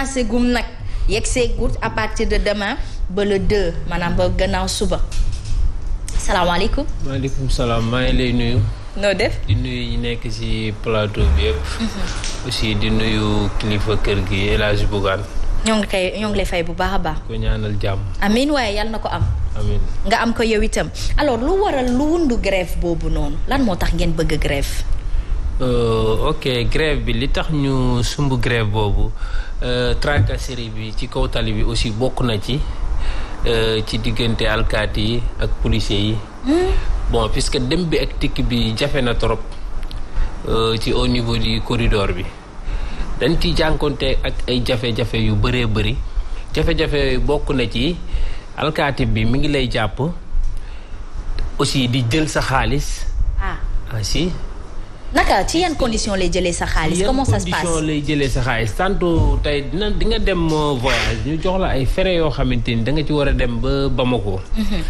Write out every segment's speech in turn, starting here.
commencé gum nag yegg see guut à partir de demain ba le 2 maanaam ba gannaaw suba salaamaaleykum. maaleykum salaam maa ngi lay nuyu. noo def di nuyu ñi nekk ci plateau bi yëpp. Mm-hmm. aussi di nuyu kilifa kër gi El Hadj Bougane. ñoo ngi koy ñoo ngi lay fay bu baax a baax. ko ñaanal jàmm. amiin waaye yàlla na ko am. amiin nga am ko yow itam alors lu waral lu wundu grève boobu noonu lan moo tax ngeen bëgg grève. Euh, ok grève bi li tax ñu sumb grève boobu euh, tracasserie bi ci kaw tali bi aussi bokk na ci euh, ci diggante alkaati yi ak policiers yi. Hmm? bon puisque dem bi ak tikk bi jafe na trop ci au niveau du corridor bi dañ ci jànkonte ak ay jafe-jafe yu bëree bëri jafe-jafe bokk na ci alkaati bi mi ngi lay jàpp aussi di jël sa xaalis. ah, ah naka ci yan condition lay jëlee sa xaalis comment ça se lay jëlee sa xaalis tey dina di nga dem euh, voyage ñu jox la ay frais yoo xamante ni da nga ci war a dem ba Bamako mhm.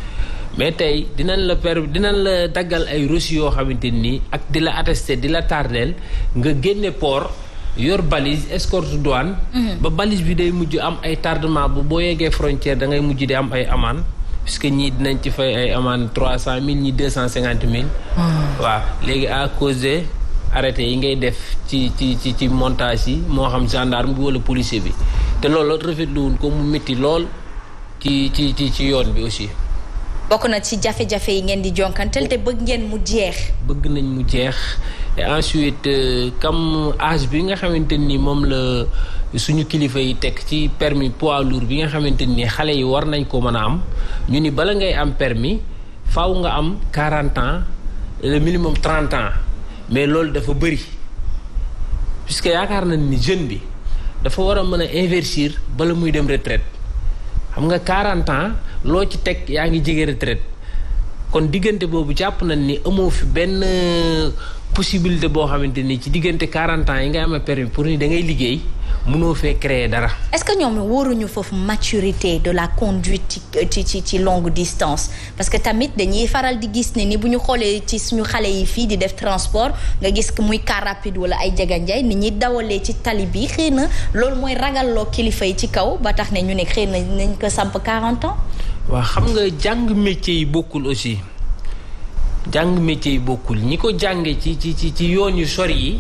mais tey dinañ la per dinañ la daggal ay reçu yoo xamante nii ak di la attesté di la tardeel nga génne port yor balise escorte douane mhm. ba balise bi day mujj am ay tardement bu boo yeggee frontière dangay mujj di am ay amende parce que ñii dinañ ci fay ay amende trois cent mille ñii deux cent cinquante mille. Hmm. waaw léegi à cause de arrêté yi ngay def ci ci ci ci montage yi moo xam gendarme bi wala policier bi te loolu rafetlu wuñ ko mu métti lool ci ci ci yoon bi aussi. bokk na ci jafe-jafe yi ngeen di jonkantel te bëgg ngeen mu jeex. bëgg nañ mu jeex. et ensuite euh, comme age bi nga xamante nii moom la suñu kilifa yi teg ci permis poids lourd bi nga xamante nii xale yi war nañ ko mën a am ñu ni bala ngay am permis faw nga am 40 ans le minimum trente ans mais loolu dafa bëri puisque yaakaar nañ ni jeune bi dafa war a mën a investir bala muy dem retraite xam nga quarante ans loo ci teg yaa ngi jege retraite kon diggante boobu jàpp nañ ni amoo fi benn possibilité boo xamante ni ci diggante 40 ans yi nga amee permis pour ni da ngay liggéey mënoo fee créer dara. est-ce que ñoom wóoruñu foofu maturité de la conduite ci ci ci longue distance parce que tamit dañuy faral di gis ne ni bu ñu xoolee ci suñu xale yi fii di def transport nga gis muy car rapide wala ay jege jaganjaay ni ñi dawalee ci tali bi xëy na loolu mooy ragalloo kilifa yi ci kaw ba tax ne ñu ne xëy na nañ ko samp 40 ans. waaw xam nga jàng métier yi bokkul jàng métier yi bokkul ñi ko jànge ci ci ci ci yoon yu sori yi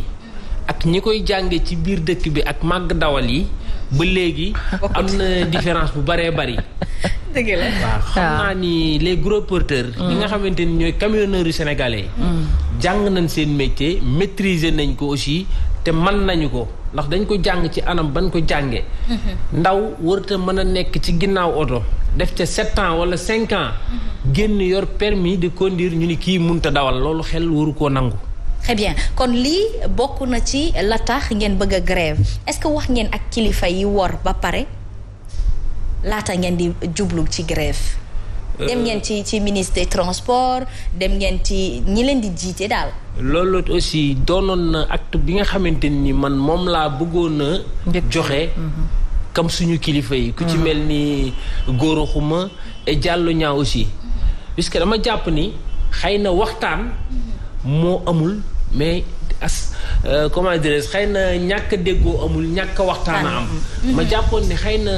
ak ñi koy jànge ci biir dëkk bi ak màgg dawal yi ba léegi am na différence bu baree bari dëgg la xam ni les gros porteurs ñi nga mm. xamante ni ñooy camionneurs yu sénégalais mm. jàng nañ seen métier maîtriser nañ ko aussi te mën nañu ko ndax dañ ko jàng ci anam bañ ko jànge mm-hmm. ndaw warta mën a nekk ci ginnaaw oto def ca sept ans wala cinq ans mm-hmm. génn yor permis de conduire ñu ni kii munta dawal loolu xel waru koo nangu. très bien kon lii bokk na ci la tax ngeen bëgg a grève est-ce wax ngeen ak kilifa yi wor ba pare laata ngeen di jublu ci grève. Euh, dem ngeen ci ci ministre des transports dem ngeen ci ñi leen di jiite daal. loolu aussi doonoon na acte bi nga xamante ni man moom laa bëggoon a. joxe. kam mhm. suñu kilifa yi. ku ci mhm. mel ni góoraxuma et jàllu ñaa aussi. puisque dama jàpp ni xëy na waxtaan moo amul mais as euh, comment dirais xëy na ñàkk déggoo amul ñàkk waxtaan mm-hmm. jàppoon ni xëy na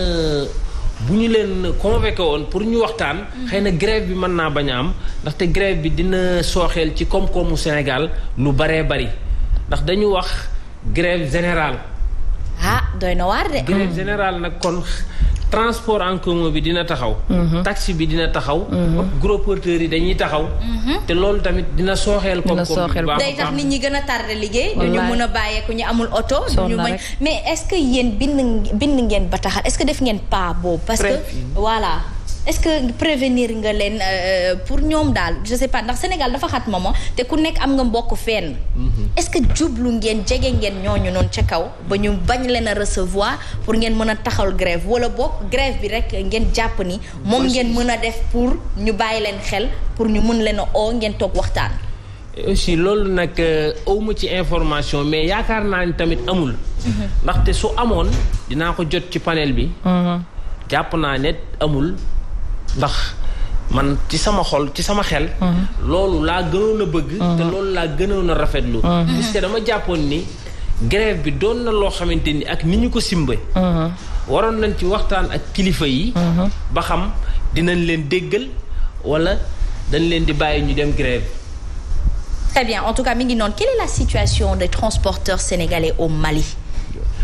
bu ñu leen convoqué woon pour ñu waxtaan mm-hmm. xëy na grève bi mën naa bañ a am ndaxte grève bi dina sooxeel ci koom-koomu Sénégal lu baree bari ndax dañu wax grève générale ah doy na waar de grève générale nag kon transport en commun bi dina taxaw. Mhm. taxi bi dina taxaw. Mhm. gros porteurs yi dañuy taxaw. Mhm. te loolu tamit dina sooxeel. dina sooxeel koom day tax nit ñi gën a tardé liggéey. ñu mën a bàyyeeku ñu amul oto. ñu mën mais est-ce que yéen bind bind ngeen bataaxal est-ce que def ngeen pas boobu. parce que est-ce que prévenir nga leen euh, pour ñoom daal je sais pas ndax Sénégal dafa xat momo ah, te ku nekk am nga mbokk fenn. Mhm. est-ce que jublu ngeen jege ngeen ñooñu noonu ca kaw ba ñu bañ leen a recevoir pour ngeen mën a taxawal grève wala boog grève bi rek ngeen jàpp ni. moom ngeen mën a def pour ñu bàyyi leen xel pour ñu mën leen a ngeen toog waxtaan. aussi loolu nag euh, awma ci information mais yaakaar naa ni tamit amul. Mhm. ndaxte su amoon dinaa ko jot ci panel bi. Mhm. jàpp naa ne amul. ndax man ci sama xol ci sama xel. Mhm. loolu laa gënoon a bëgg. Mhm. te loolu laa gënoon a rafetlu. Mhm. puisque dama jàppoon ni grève bi doon na loo xamante ni ak ni ñu ko simbe waroon nañ ci waxtaan ak kilifa yi. ba xam dinañ leen déggal wala dañ leen di bàyyi ñu dem grève. très bien en tout cas mi ngi noonu quelle est la situation des transporteurs sénégalais au Mali.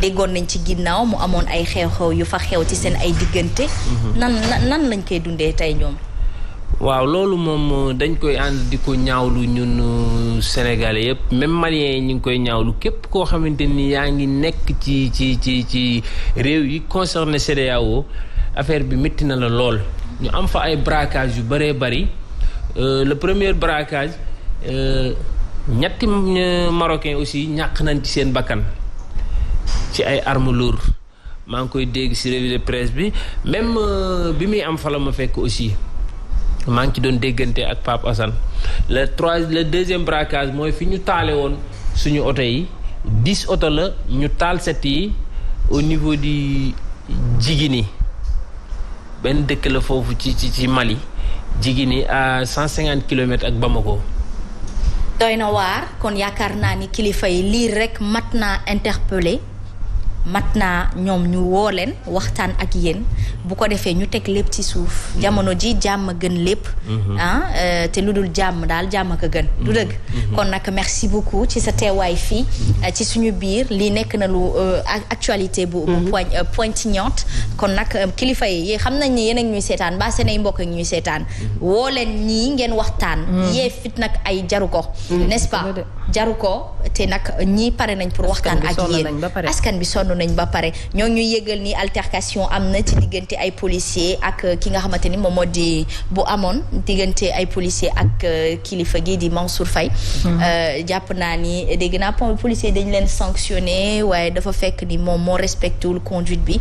déggoon nañ ci ginnaaw mu amoon ay xew-xew yu fa xew ci seen ay diggante. Mhm. nan nan lañ koy dundee tey ñoom. waaw loolu moom euh, dañ koy ànd di ko ñaawlu ñun euh, Sénégalais yëpp même Maliens yi ñu ngi koy ñaawlu képp koo xamante ni yaa ngi nekk ci ci ci ci réew yi concerné CEDEAO affaire bi métti na la lool. ñu am fa ay braquage yu bëree bëri euh, le premier braquage ñetti marocain aussi ñàkk nañ ci seen bakkan. ci ay armu lourdes maa ngi koy dégg ci revue de presse bi même euh, bi muy am fala la ma fekk aussi maa ngi ci doon déggante ak Pape Assane le trois le deuxième braquage mooy fi ñu taale woon suñu oto yi dix oto la ñu taal set yi au niveau du Jigini benn dëkk la foofu ci ci ci Mali Jigini à cent cinquante kilomètres ak Bamako. doy na waar kon yaakaar naa ni kilifa yi lii rekk mat naa interpellé. mat naa ñoom ñu woo leen waxtaan ak yéen bu ko defee ñu teg lépp ci suuf jamono ji jàmm gën lépp mhm. ah euh, te lu dul jàmm daal jàmm ak a gën du dëgg mhm. kon nag merci beaucoup ci sa teewaay fii mhm. euh, ci suñu biir lii nekk na lu euh, actualité bu bu poignante kon nag kilifa yi xam nañ ne yéen ak ñuy seetaan mbaa seen ay mbokk ñuy seetaan woo leen ñii ngeen waxtaan yee fit nag ay jaru ko n'est-ce jaru ko te nag ñii pare nañ pour waxtaan ak yéen askan bi sonn daanu nañ ba pare ñoo ñu yëgal ni altercation am na ci diggante ay policiers ak euh, ki nga xamante ni moom moo di bu amoon diggante ay policiers ak euh, kilifa gi di Mansour Faye mhm. euh, jàpp naa ni dégg naa policiers dañ leen sanctionné waaye dafa fekk ni moom moo respecté wul conduite bi